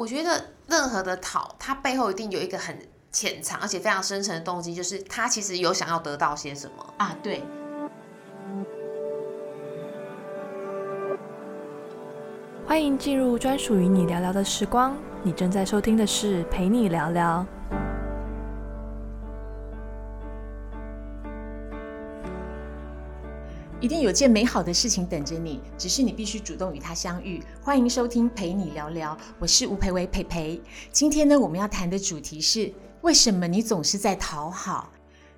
我覺得任何的討，它背後，一定有一個很潛藏，而且非常深層的動機，就是他其實有想要得到些什麼啊。對，歡迎進入專屬於你聊聊的時光，你正在收聽的是蓓你聊聊。一定有件美好的事情等着你，只是你必須主動與它相遇。歡迎收聽《蓓你聊聊》，我是吳培薇蓓蓓。今天呢，我們要談的主題是為什麼你總是在討好。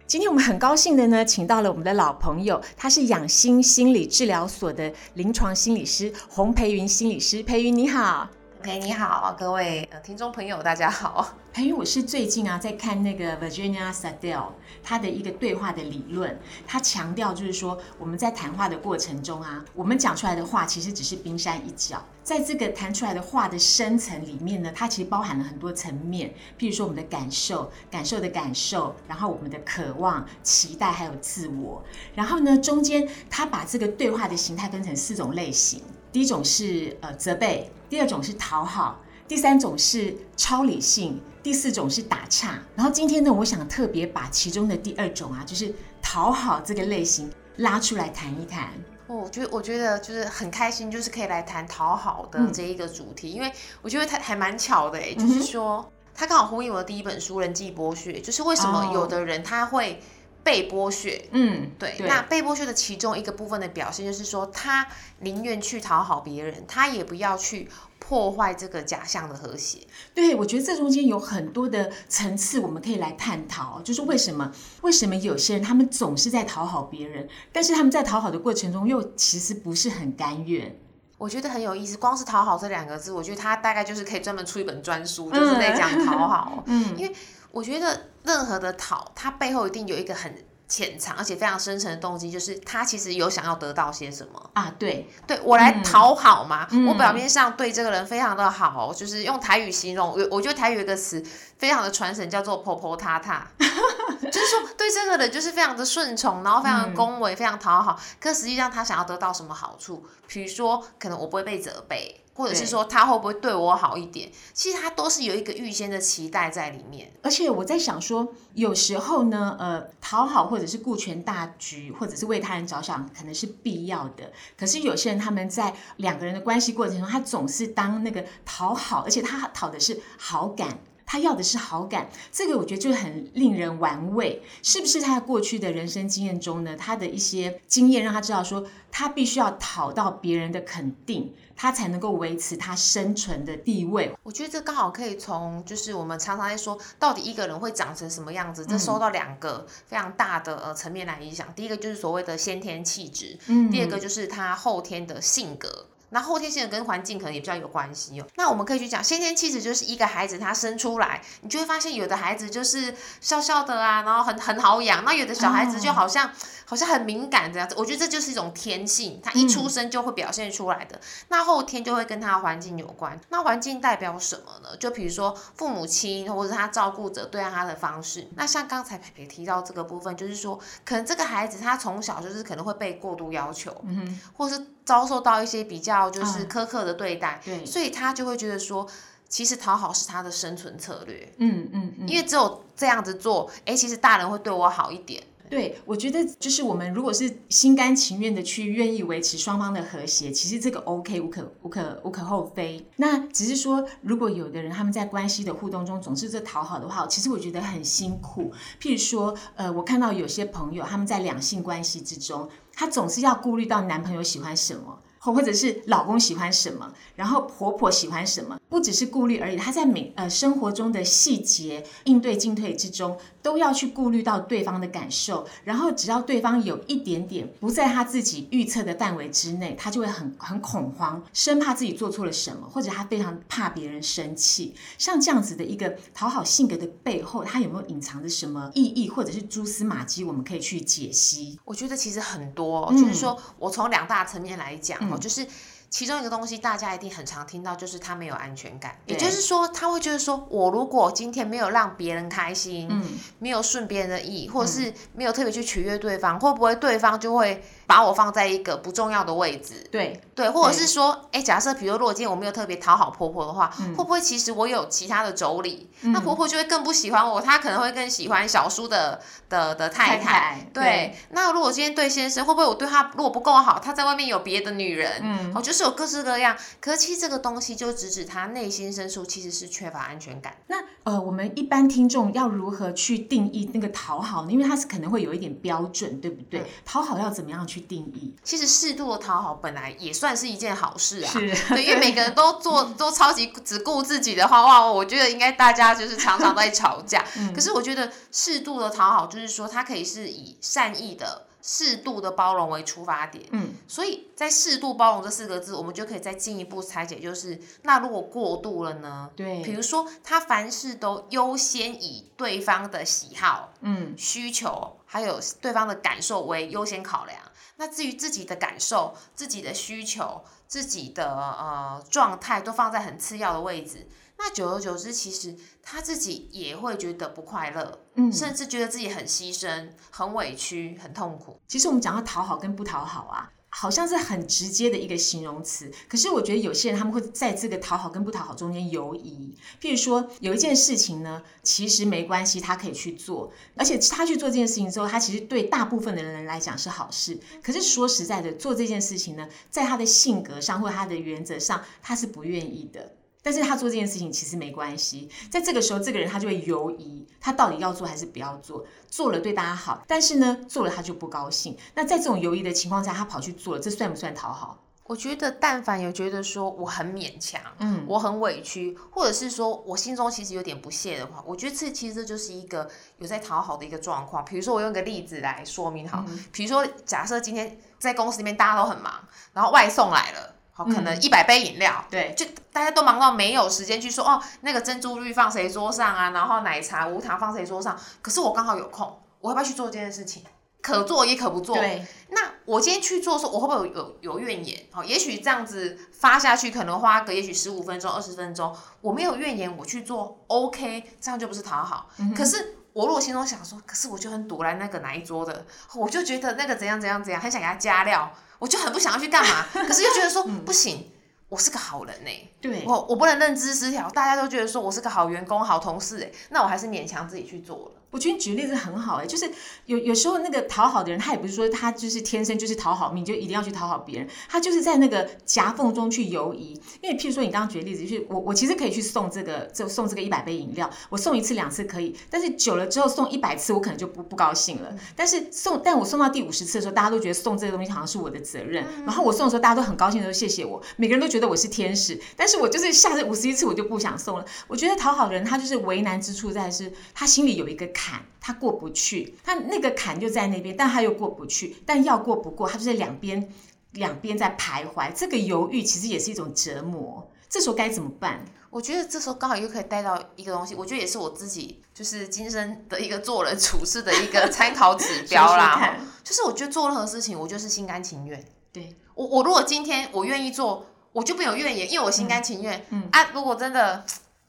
今天我們很高興的呢，請到了我們的老朋友，他是養心心理治療所的臨床心理師洪培芸心理師。培芸你好。哎、okay，你好，各位呃，聽眾朋友，大家好。朋友我是最近啊，在看那個 Virginia Satir，他的一個對話的理論。他強調就是說，我們在談話的過程中啊，我們講出來的話其實只是冰山一角，在這個談出來的話的深層裡面呢，它其實包含了很多層面。譬如說，我們的感受、感受的感受，然後我們的渴望、期待，還有自我。然後呢，中間他把這個對話的形態分成四種類型。第一種是呃責備，第二種是討好，第三種是超理性，第四種是打岔。然後今天呢，我想特別把其中的第二種啊，就是討好這個類型拉出來談一談。我、哦、覺我覺得就是很開心，就是可以來談討好的這一個主題，嗯、因為我覺得它還蠻巧的哎、欸嗯，就是說他剛好呼應我的第一本書《人際剝削》，就是為什麼有的人他會。哦被剝削，嗯，對，對那被剝削的其中一個部分的表現就是說，他寧願去討好別人，他也不要去破壞這個假象的和諧。對，我覺得這中間有很多的層次，我們可以來探討，就是為什麼，為什麼有些人他們總是在討好別人，但是他們在討好的過程中又其實不是很甘願。我覺得很有意思，光是“討好”這兩個字，我覺得他大概就是可以專門出一本專書，嗯，就是在講討好，嗯，因為。我覺得任何的討，他背後一定有一個很潛藏，而且非常深層的動機，就是他其實有想要得到些什麼啊？對，對我來討好嘛、嗯。我表面上對這個人非常的好，嗯、就是用台語形容，我我覺得台語有一個詞非常的傳神，叫做“婆婆他他”， 就是說對這個人就是非常的順從，然後非常的恭維、嗯，非常討好。可實際上他想要得到什麼好處？譬如說，可能我不會被責備。或者是說他會不會對我好一點？對，其實他都是有一個預先的期待在裡面。而且我在想說，有時候呢，呃，討好或者是顧全大局，或者是為他人着想，可能是必要的。可是有些人他們在兩個人的關係過程中，他總是當那個討好，而且他討的是好感。他要的是好感，這個我覺得就很令人玩味，是不是？他在過去的人生經驗中呢，他的一些經驗讓他知道說，他必須要討到別人的肯定，他才能夠維持他生存的地位。我覺得這剛好可以從，就是我們常常在說，到底一個人會長成什麼樣子，這受到兩個非常大的呃層面來影響。第一個就是所謂的先天氣質，嗯，第二個就是他後天的性格。那後,後天性的跟環境可能也比較有關係哦。那我們可以去講先天氣質，就是一個孩子他生出來，你就會發現有的孩子就是笑笑的啊，然後很很好養；那有的小孩子就好像、Oh. 好像很敏感這樣子。我覺得這就是一種天性，他一出生就會表現出來的。Mm. 那後天就會跟他的環境有關。那環境代表什麼呢？就比如說父母親或者他照顧者對他的方式。那像剛才培芸提到這個部分，就是說可能這個孩子他從小就是可能會被過度要求，嗯、mm -hmm. 或是。遭受到一些比較就是苛刻的對待，啊、對，所以他就會覺得說，其實討好是他的生存策略。嗯嗯，嗯，因為只有這樣子做，欸、其實大人會對我好一點對。對，我覺得就是我們如果是心甘情願的去願意維持雙方的和諧，其實這個 OK，無可無可無可厚非。那只是說，如果有的人他們在關係的互動中總是在討好的話，其實我覺得很辛苦。譬如說，呃，我看到有些朋友他們在兩性關係之中。她總是要顧慮到男朋友喜歡什麼，或者是老公喜歡什麼，然後婆婆喜歡什麼，不只是顧慮而已。他在每呃生活中的細節應對進退之中，都要去顧慮到對方的感受。然後只要對方有一點點不在他自己預測的範圍之內，他就會很很恐慌，生怕自己做錯了什麼，或者他非常怕別人生氣。像這樣子的一個討好性格的背後，他有沒有隱藏着什麼意義，或者是蛛絲馬跡，我們可以去解析？我覺得其實很多，嗯，就是說我從兩大層面來講。嗯嗯、就是其中一個東西，大家一定很常聽到，就是他沒有安全感。也就是說，他會覺得說，我如果今天沒有讓別人開心，沒有順別人的意，或者是沒有特別去取悅對方，會不會對方就會把我放在一個不重要的位置。對對，或者是說，哎、嗯，假設比如如果今天我沒有特別討好婆婆的話，嗯、會不會其實我有其他的妯娌、嗯，那婆婆就會更不喜歡我，她可能會更喜歡小叔的的的太太，太太，對。對。對，那如果今天對先生，會不會我對他如果不夠好，他在外面有別的女人，嗯，哦、就是有各式各樣。可是其實這個東西，就直指指他內心深處其實是缺乏安全感。那呃，我們一般聽眾要如何去定義那個討好呢？因為他是可能會有一點標準，對不對？嗯、討好要怎麼樣去？去定義，其實適度的討好本來也算是一件好事啊。對，因為每個人都做都超級只顧自己的話，哇，我覺得應該大家就是常常在吵架。 嗯、可是我覺得適度的討好，就是說他可以是以善意的。適度的包容為出發點，嗯，所以在適度包容這四個字，我們就可以再進一步拆解，就是那如果過度了呢？對，比如說他凡事都優先以對方的喜好、嗯需求，還有對方的感受為優先考量，那至於自己的感受、自己的需求、自己的呃狀態，都放在很次要的位置。那久而久之，其實他自己也會覺得不快樂，嗯，甚至覺得自己很犧牲、很委屈、很痛苦。其實我們講到討好跟不討好啊，好像是很直接的一個形容詞。可是我覺得有些人他們會在這個討好跟不討好中間遊移。譬如說，有一件事情呢，其實沒關係，他可以去做，而且他去做這件事情之後，他其實對大部分的人來講是好事。可是說實在的，做這件事情呢，在他的性格上或他的原則上，他是不願意的。但是他做這件事情其實沒關係，在這個時候，這個人他就會猶疑，他到底要做還是不要做？做了對大家好，但是呢，做了他就不高興。那在這種猶疑的情況下，他跑去做了，這算不算討好？我覺得，但凡有覺得說我很勉強，嗯，我很委屈，或者是說我心中其實有點不屑的話，我覺得這其實就是一個有在討好的一個狀況。比如說，我用一個例子來說明好，好、嗯，比如說假設今天在公司裡面大家都很忙，然後外送來了。嗯、可能一百杯飲料，對，就大家都忙到沒有時間去說哦，那個珍珠綠放誰桌上啊？然後奶茶無糖放誰桌上？可是我剛好有空，我要不要去做這件事情？可做也可不做。對。那我今天去做的時候，我會不會有有，有怨言？好、哦，也許這樣子發下去，可能花個也許十五分鐘、二十分鐘，我沒有怨言，我去做，OK，這樣就不是討好、嗯。可是我如果心中想說，可是我就很躲來那個哪一桌的，我就覺得那個怎樣怎樣怎樣，很想給他加料。我就很不想要去幹嘛， 可是又覺得說不行、 嗯嗯，我是個好人、欸、對，我我不能認知失調，大家都覺得說我是個好員工、好同事哎、欸，那我還是勉強自己去做了。我覺得你舉例子很好哎、欸，就是有有時候那個討好的人，他也不是說他就是天生就是討好命，你就一定要去討好別人，他就是在那個夾縫中去游移。因為譬如說你剛剛舉例子，就是我我其實可以去送這個，就送這個一百杯飲料，我送一次兩次可以，但是久了之後送一百次，我可能就不不高興了。但是送，但我送到第五十次的時候，大家都覺得送這個東西好像是我的責任，嗯、然後我送的時候大家都很高興，都說謝謝我，每個人都覺得我是天使。但是我就是下這五十一次我就不想送了。我覺得討好的人他就是為難之處在是他心裡有一個。坎，他過不去，他那個坎就在那邊，但他又過不去，但要過不過，他就在兩邊兩邊在徘徊。這個猶豫，其實也是一種折磨。這時候該怎麼辦？我覺得這時候剛好又可以帶到一個東西，我覺得也是我自己就是今生的一個做人處事的一個參考指標啦 說說。就是我覺得做任何事情，我就是心甘情願。對，我我如果今天我願意做，我就沒有怨言，因為我心甘情願。嗯，嗯啊，如果真的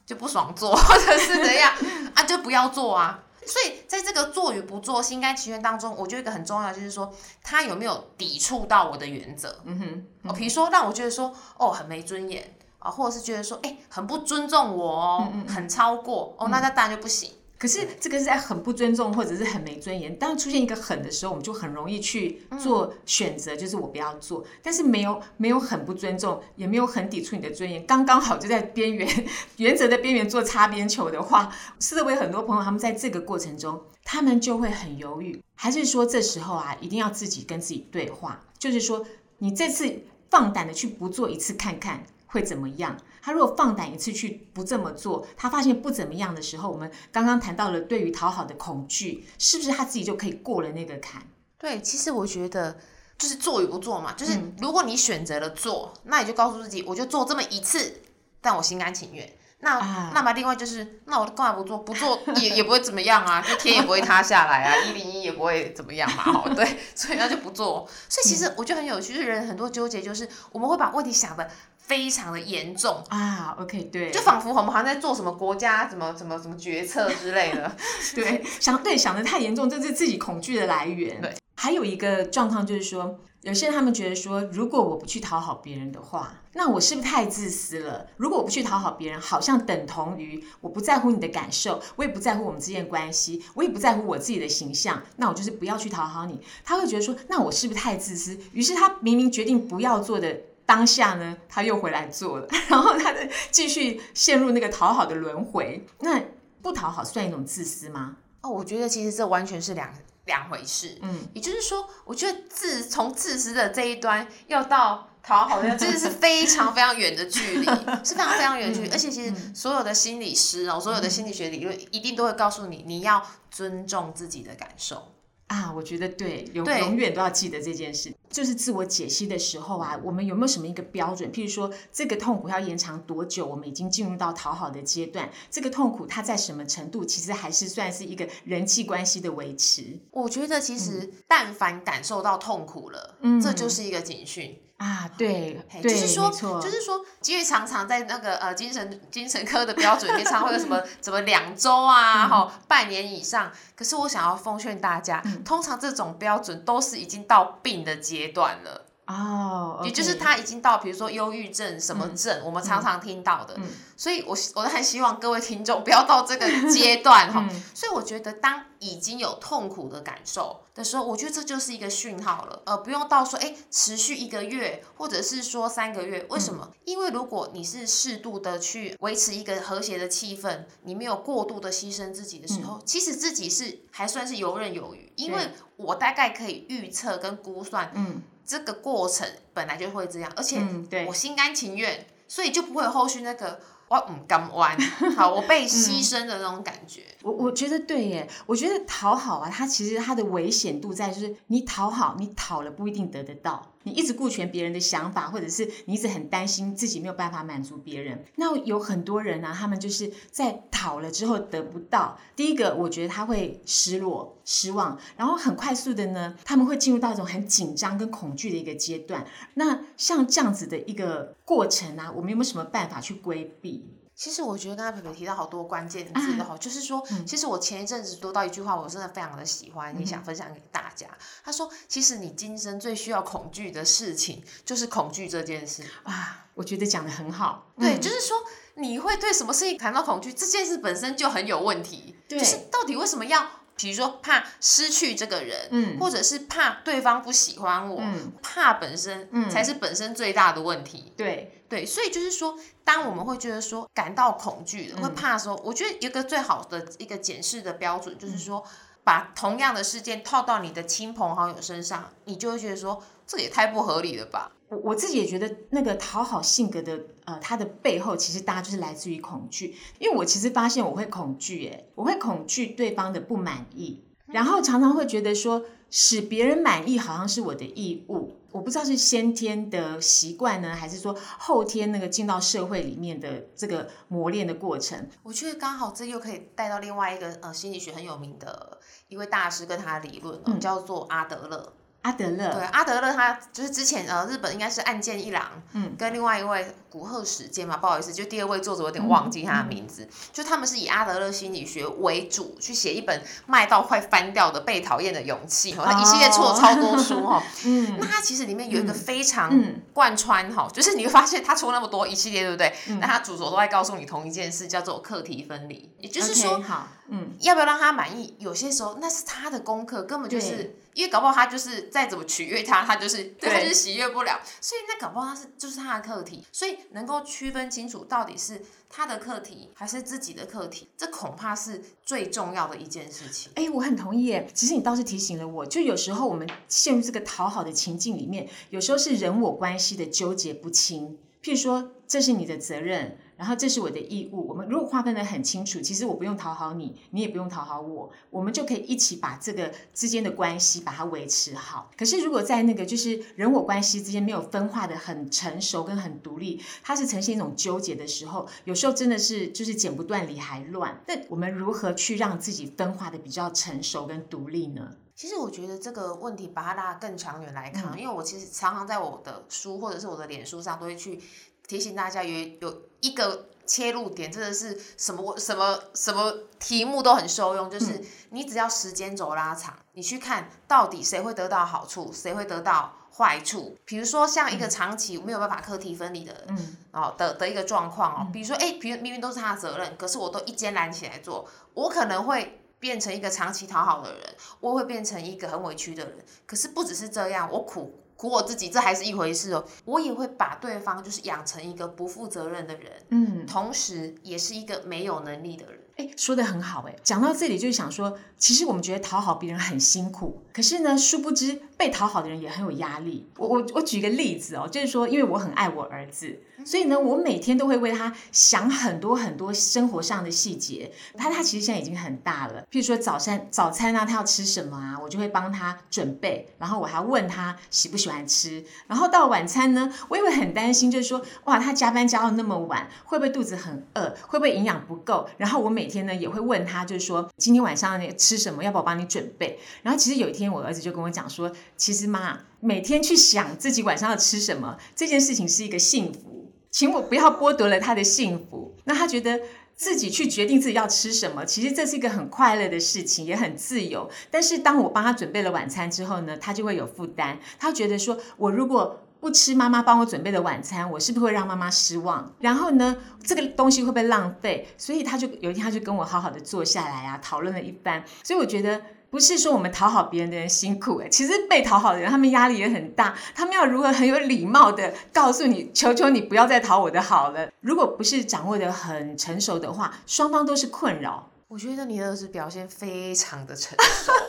就不爽做，或者是怎樣 啊，就不要做啊。所以，在這個做與不做、心甘情願當中，我覺得一個很重要就是說，他有沒有抵觸到我的原則？嗯哼，哦、嗯，比如說讓我覺得說，哦，很沒尊嚴啊，或者是覺得說，哎、欸，很不尊重我，哦，嗯，很超過、嗯、哦，那他當然就不行。嗯可是這個是在很不尊重或者是很沒尊嚴，當出現一個狠的時候，我們就很容易去做選擇，就是我不要做。但是沒有沒有很不尊重，也沒有很抵觸你的尊嚴，剛剛好就在邊緣原則的邊緣做擦邊球的話，視為很多朋友他們在這個過程中，他們就會很猶豫，還是說這時候啊，一定要自己跟自己對話，就是說你這次放膽的去不做一次看看。會怎麼樣？他如果放膽一次去不這麼做，他發現不怎麼樣的時候，我們剛剛談到了對於討好的恐懼，是不是他自己就可以過了那個坎？對，其實我覺得就是做與不做嘛，就是如果你選擇了做，嗯，那你就告訴自己，我就做這麼一次，但我心甘情願。那，啊，那麼另外就是，那我幹嘛不做？不做也 也不會怎麼樣啊，就天也不會塌下來啊，一零一也不會怎麼樣嘛， 對，所以那就不做。所以其實我覺得很有趣，就，嗯、是人很多糾結，就是我們會把問題想的。非常的嚴重啊，OK，對，就仿佛我們好像在做什麼國家什麼什麼什麼決策之類的， 對，想對想得太嚴重，這是自己恐懼的來源。對，還有一個狀況就是說，有些人他們覺得說，如果我不去討好別人的話，那我是不是太自私了？如果我不去討好別人，好像等同於我不在乎你的感受，我也不在乎我們之間的關係，我也不在乎我自己的形象，那我就是不要去討好你。他會覺得說，那我是不是太自私？於是他明明決定不要做的。當下呢，他又回來做了，然後他的繼續陷入那個討好的輪迴。那不討好算一種自私嗎？哦，我覺得其實這完全是兩兩回事。嗯，也就是說，我覺得自從自私的這一端，要到討好，真的是非常非常遠的距離， 是非常非常遠的距離。嗯、而且，其實所有的心理師啊、哦，所有的心理學理論、嗯，一定都會告訴你，你要尊重自己的感受啊。我覺得對，永對永遠都要記得這件事。就是自我解析的時候啊，我們有沒有什麼一個標準？譬如說，這個痛苦要延長多久？我們已經進入到討好的階段。這個痛苦它在什麼程度？其實還是算是一個人際關係的維持。我覺得其實、嗯、但凡感受到痛苦了，嗯，這就是一個警訊啊。對，okay。對，okay。對，就是說，就是說，因為常常在那個呃精神精神科的標準，經常會有什麼 怎麼兩週啊，嗯、然後半年以上。可是我想要奉勸大家，嗯、通常這種標準都是已經到病的階段。截斷了。哦、oh, okay，也就是他已經到，比如說憂鬱症什麼症，嗯，我們常常聽到的。嗯，所以我，我我都很希望各位聽眾不要到這個階段哈、 嗯。所以，我覺得當已經有痛苦的感受的時候，我覺得這就是一個訊號了，呃，不用到說，哎，持續一個月或者是說三個月。為什麼、嗯？因為如果你是適度的去維持一個和諧的氣氛，你沒有過度的犧牲自己的時候，嗯，其實自己是還算是游刃有餘。因為我大概可以預測跟估算，嗯。這個過程本來就會這樣，而且我心甘情願，嗯、對，所以就不會有後續那個我不甘願。好，我被犧牲的那種感覺， 嗯、我我覺得對耶，我覺得討好啊，它其實它的危險度在就是你討好，你討了不一定得得到，你一直顧全別人的想法，或者是你一直很擔心自己沒有辦法滿足別人。那有很多人呢、啊，他們就是在討了之後得不到。第一個，我覺得他會失落、失望，然後很快速的呢，他們會進入到一種很緊張跟恐懼的一個階段。那像這樣子的一個過程啊，我們有沒有什麼辦法去規避？其實我覺得剛才培培提到好多關鍵字的哈，就是說、嗯，其實我前一陣子讀到一句話，我真的非常的喜歡，也、嗯、想分享給大家。他說：“其實你今生最需要恐懼的事情，就是恐懼這件事。”啊，我覺得講的很好。對，嗯、就是說你會對什麼事情談到恐懼，這件事本身就很有問題。對，就是到底為什麼要，比如說怕失去這個人、嗯，或者是怕對方不喜歡我，嗯、怕本身，才是本身最大的問題。嗯、對。對，所以就是說，當我們會覺得說感到恐懼的，會怕的時候、嗯，我覺得一個最好的一個檢視的標準，就是說、嗯，把同樣的事件套到你的親朋好友身上，你就會覺得說，這也太不合理了吧。我我自己也覺得，那個討好性格的，呃，它的背後其實大家就是來自於恐懼。因為我其實發現我會恐懼，耶，我會恐懼對方的不滿意，然後常常會覺得說，使別人滿意好像是我的義務。我不知道是先天的習慣呢，還是說後天那個進到社會裡面的這個磨練的過程。我覺得剛好這又可以帶到另外一個呃心理學很有名的一位大師跟他理論，呃，叫做阿德勒。嗯阿德勒對阿德勒，德勒他就是之前呃，日本應該是岸見一郎、嗯、跟另外一位古賀史健嘛，不好意思，就第二位作者有點忘記他的名字。嗯嗯、就他們是以阿德勒心理學為主去寫一本賣到快翻掉的《被討厭的勇氣》哦，他一系列出了超多書哦呵呵，嗯，那他其實裡面有一個非常貫穿哈、嗯嗯，就是你會發現他出那麼多一系列，對不對？那、嗯、他主軸都在告訴你同一件事，叫做課題分離，也就是說，嗯，要不要讓他滿意？嗯、有些時候那是他的功課，根本就是。因為搞不好他就是再怎麼取悅他，他就是對他就是喜悅不了，所以那搞不好他是就是他的課題，所以能夠區分清楚到底是他的課題還是自己的課題，這恐怕是最重要的一件事情。哎，我很同意。哎，其實你倒是提醒了我，就有時候我們陷入這個討好的情境裡面，有時候是人我關係的糾結不清。譬如說，這是你的責任。然後這是我的義務。我們如果劃分得很清楚，其實我不用討好你，你也不用討好我，我們就可以一起把這個之間的關係把它維持好。可是如果在那個就是人我關係之間沒有分化得很成熟跟很獨立，它是呈現一種糾結的時候，有時候真的是就是剪不斷理還亂。那我們如何去讓自己分化得比較成熟跟獨立呢？其實我覺得這個問題把它拉得更長遠來看，嗯，因為我其實常常在我的書或者是我的臉書上都會去提醒大家有有。一個切入點真的是什麼什麼什麼題目都很受用，就是你只要時間軸拉長，你去看到底誰會得到好處，誰會得到壞處。比如說像一個長期沒有辦法課題分離的，嗯，哦的的一個狀況哦，比如說哎，明明都是他的責任，可是我都一肩攬起來做，我可能會變成一個長期討好的人，我會變成一個很委屈的人，可是不只是這樣，我苦。苦我自己，這還是一回事哦。我也會把對方就是養成一個不負責任的人，嗯，同時也是一個沒有能力的人。誒，說的很好誒，講到這裡就是想說，其實我們覺得討好別人很辛苦，可是呢，殊不知被討好的人也很有壓力。我我我舉一個例子哦，就是說，因為我很愛我兒子，所以呢，我每天都會為他想很多很多生活上的細節。他他其實現在已經很大了，譬如說早餐早餐啊，他要吃什麼啊，我就會幫他準備，然後我還問他喜不喜歡吃。然後到晚餐呢，我也會很擔心，就是說，哇，他加班加到那麼晚，會不會肚子很餓，會不會營養不夠？然後我每每天呢也會問他，就是說今天晚上吃什麼，要不要幫你準備。然後其實有一天我兒子就跟我講說，其實媽每天去想自己晚上要吃什麼這件事情是一個幸福，請我不要剝奪了他的幸福。那他覺得自己去決定自己要吃什麼，其實這是一個很快樂的事情，也很自由。但是當我幫他準備了晚餐之後呢，他就會有負擔，他覺得說我如果。不吃媽媽幫我準備的晚餐，我是不是會讓媽媽失望？然後呢，這個東西會不會浪費？所以他就有一天，他就跟我好好的坐下來啊，討論了一番。所以我覺得，不是說我們討好別人的人辛苦哎，欸，其實被討好的人，他們壓力也很大。他們要如何很有禮貌的告訴你，求求你不要再討我的好了。如果不是掌握得很成熟的話，雙方都是困擾。我覺得你兒子表現非常的成熟。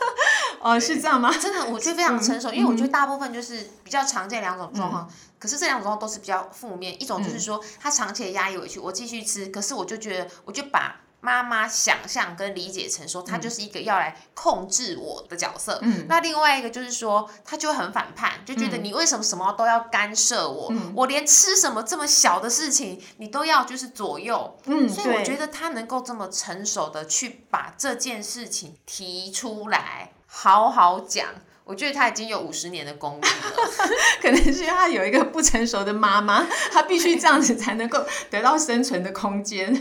哦、嗯，是這樣嗎？真的，我覺得非常成熟、嗯，因為我覺得大部分就是比較常見兩種狀況、嗯，可是這兩種狀況都是比較負面、嗯。一種就是說，他長期的壓抑委屈，我繼續吃、嗯，可是我就覺得，我就把媽媽想象跟理解成說，他就是一個要來控制我的角色。嗯。那另外一個就是說，他就很反叛、嗯，就覺得你為什麼什麼都要干涉我？嗯、我連吃什麼這麼小的事情，你都要就是左右。嗯。所以我覺得他能夠這麼成熟的去把這件事情提出來。好好講，我覺得他已經有五十年的功力了， 可能是因為他有一個不成熟的媽媽，他必須這樣子才能夠得到生存的空間。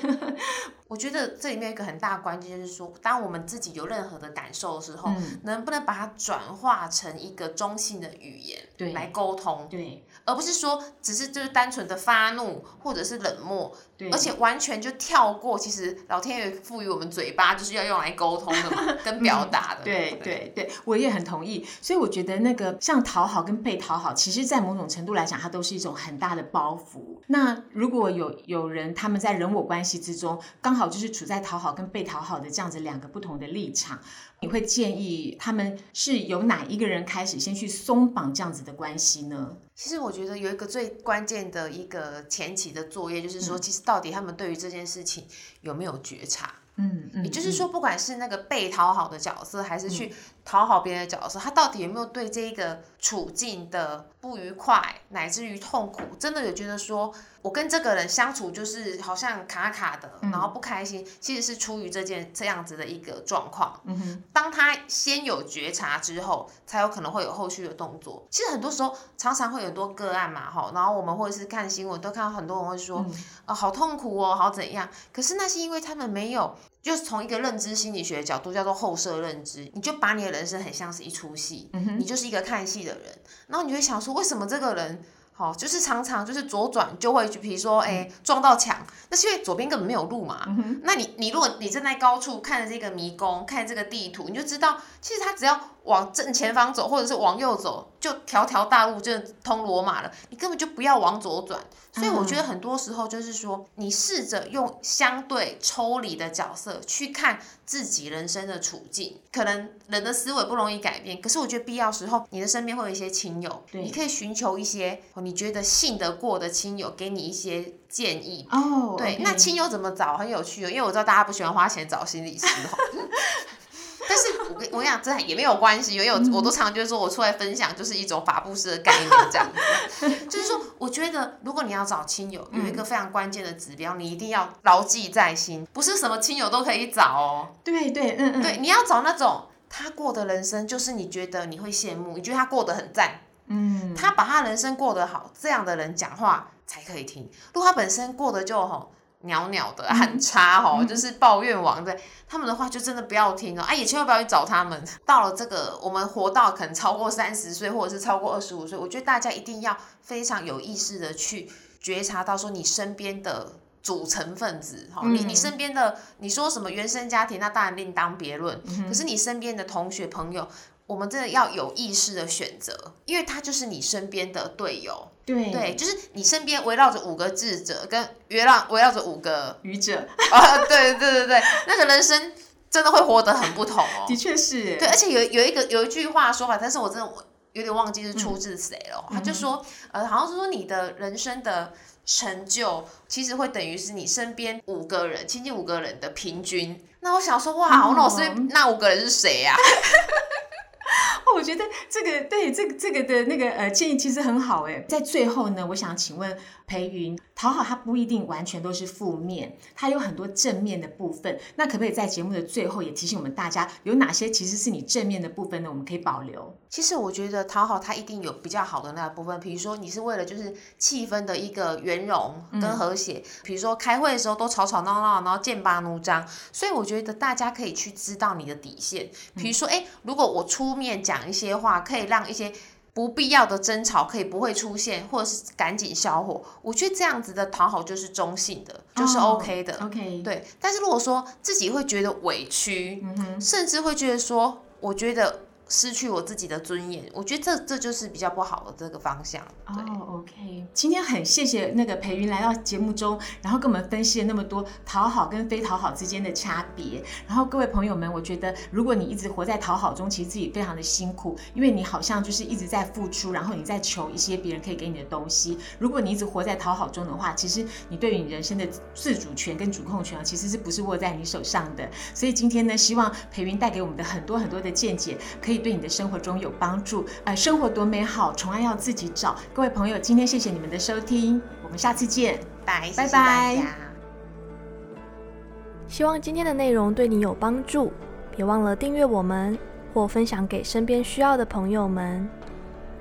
我覺得這裡面一個很大的關鍵就是說，當我們自己有任何的感受的時候，嗯、能不能把它轉化成一個中性的語言，對，來溝通，對，而不是說只是就是單純的發怒或者是冷漠，對，而且完全就跳過。其實老天爺賦予我們嘴巴就是要用來溝通的嘛、嗯，跟表達的。對對對，對，我也很同意。所以我覺得那個像討好跟被討好，其實在某種程度來講，它都是一種很大的包袱。那如果有有人他們在人我關係之中剛。好，就是處在討好跟被討好的這樣子兩個不同的立場，你會建議他們是由哪一個人開始先去鬆綁這樣子的關係呢？其實我覺得有一個最關鍵的一個前期的作業，就是說，其實到底他們對於這件事情有沒有覺察？嗯嗯，也就是說，不管是那個被討好的角色，還是去。討好別人的角色的時候，他到底有沒有對這一個處境的不愉快，乃至於痛苦，真的有覺得說，我跟這個人相處就是好像卡卡的，嗯、然後不開心，其實是出於這件這樣子的一個狀況。嗯哼，當他先有覺察之後，才有可能會有後續的動作。其實很多時候常常會有很多個案嘛，哈，然後我們或者是看新聞，都看到很多人會說啊、嗯呃，好痛苦哦，好怎樣，可是那是因為他們沒有。就是從一個認知心理學的角度，叫做後設認知，你就把你的人生很像是一出戲，嗯，你就是一個看戲的人，然後你會想說，為什麼這個人，好、哦，就是常常就是左轉就會去，比如說，哎、欸，撞到牆，那是因為左邊根本沒有路嘛，嗯。那你，你如果你站在高處看這個迷宮，看這個地圖，你就知道，其實他只要。往正前方走，或者是往右走，就條條大路就通羅馬了。你根本就不要往左轉。所以我覺得很多時候就是說，Uh-huh. 你試着用相對抽離的角色去看自己人生的處境。可能人的思維不容易改變，可是我覺得必要時候，你的身邊會有一些親友，你可以尋求一些你覺得信得過的親友，給你一些建議。哦，oh, okay. 對，那親友怎麼找？很有趣哦，因為我知道大家不喜歡花錢找心理師。 但是我我跟你講，這也沒有關係，有 有因為我， 我都常覺得說我出來分享就是一種法布施的概念，這樣就是說，我覺得如果你要找親友，有一個非常關鍵的指標，你一定要牢記在心，不是什麼親友都可以找哦。 對，對對嗯嗯，對，你要找那種他過的人生，就是你覺得你會羨慕，你覺得他過得很讚，嗯，他把他人生過得好，這樣的人講話才可以聽。如果他本身過得就好。裊裊的喊差哈、哦嗯，就是抱怨王的、嗯，他們的話就真的不要聽了、哦，哎、啊，也千萬不要去找他們。到了這個，我們活到可能超過三十歲，或者是超過二十五歲，我覺得大家一定要非常有意識的去覺察到說你身邊的組成分子哈、嗯，你你身邊的你說什麼原生家庭，那當然另當別論、嗯，可是你身邊的同學朋友。我們真的要有意識的選擇，因為他就是你身邊的隊友，對對，就是你身邊圍繞着五個智者，跟圍繞圍繞着五個愚者 啊，對對對對，那個人生真的會活得很不同哦。 的確是，對，而且有有一個有一句話說法，但是我真的有，有點忘記是出自誰了。他就說，呃，好像是說你的人生的成就，其實會等於是你身邊五個人，親近五個人的平均。那我想說，哇，王老師，那五個人是誰呀、啊？ 哦，我覺得這個，對，這個，這個的那個，呃，建議其實很好誒。在最後呢，我想請問。培芸討好他不一定完全都是負面，它有很多正面的部分。那可不可以在節目的最後也提醒我們大家，有哪些其實是你正面的部分呢？我們可以保留。其實我覺得討好他一定有比較好的那個部分，比如說你是為了就是氣氛的一個圓融跟和諧，嗯，比如說開會的時候都吵吵鬧鬧，然後劍拔弩張。所以我覺得大家可以去知道你的底線，比如說哎、欸，如果我出面講一些話，可以讓一些。不必要的爭吵可以不會出現，或者是趕緊消火。我覺得這樣子的討好就是中性的，oh, 就是 OK 的。OK。對。但是如果說自己會覺得委屈，Mm-hmm. 甚至會覺得說，我覺得失去我自己的尊嚴，我覺得這這就是比較不好的這個方向。對。Oh, okay. 今天很謝謝那個培芸來到節目中，然後跟我們分析了那麼多討好跟非討好之間的差別。然後各位朋友們，我覺得如果你一直活在討好中，其實自己非常的辛苦，因為你好像就是一直在付出，然後你在求一些別人可以給你的東西。如果你一直活在討好中的話，其實你對於你人生的自主權跟主控權，其實是不是握在你手上的？所以今天呢，希望培芸帶給我們的很多很多的見解，可以對你的生活中有幫助。呃，生活多美好，寵愛要自己找。各位朋友，今天謝謝。你們的收聽，我們下次見，拜拜拜拜。希望今天的內容對你有幫助，別忘了訂閱我們或分享給身邊需要的朋友們。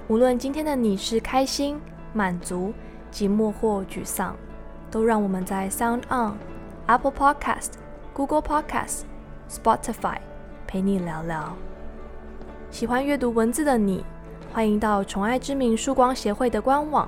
無論今天的你是開心、滿足、寂寞或沮喪，都讓我們在 Sound On、Apple Podcast、Google Podcast、Spotify 陪你聊聊。喜歡閱讀文字的你，歡迎到寵愛之名曙光協會的官網。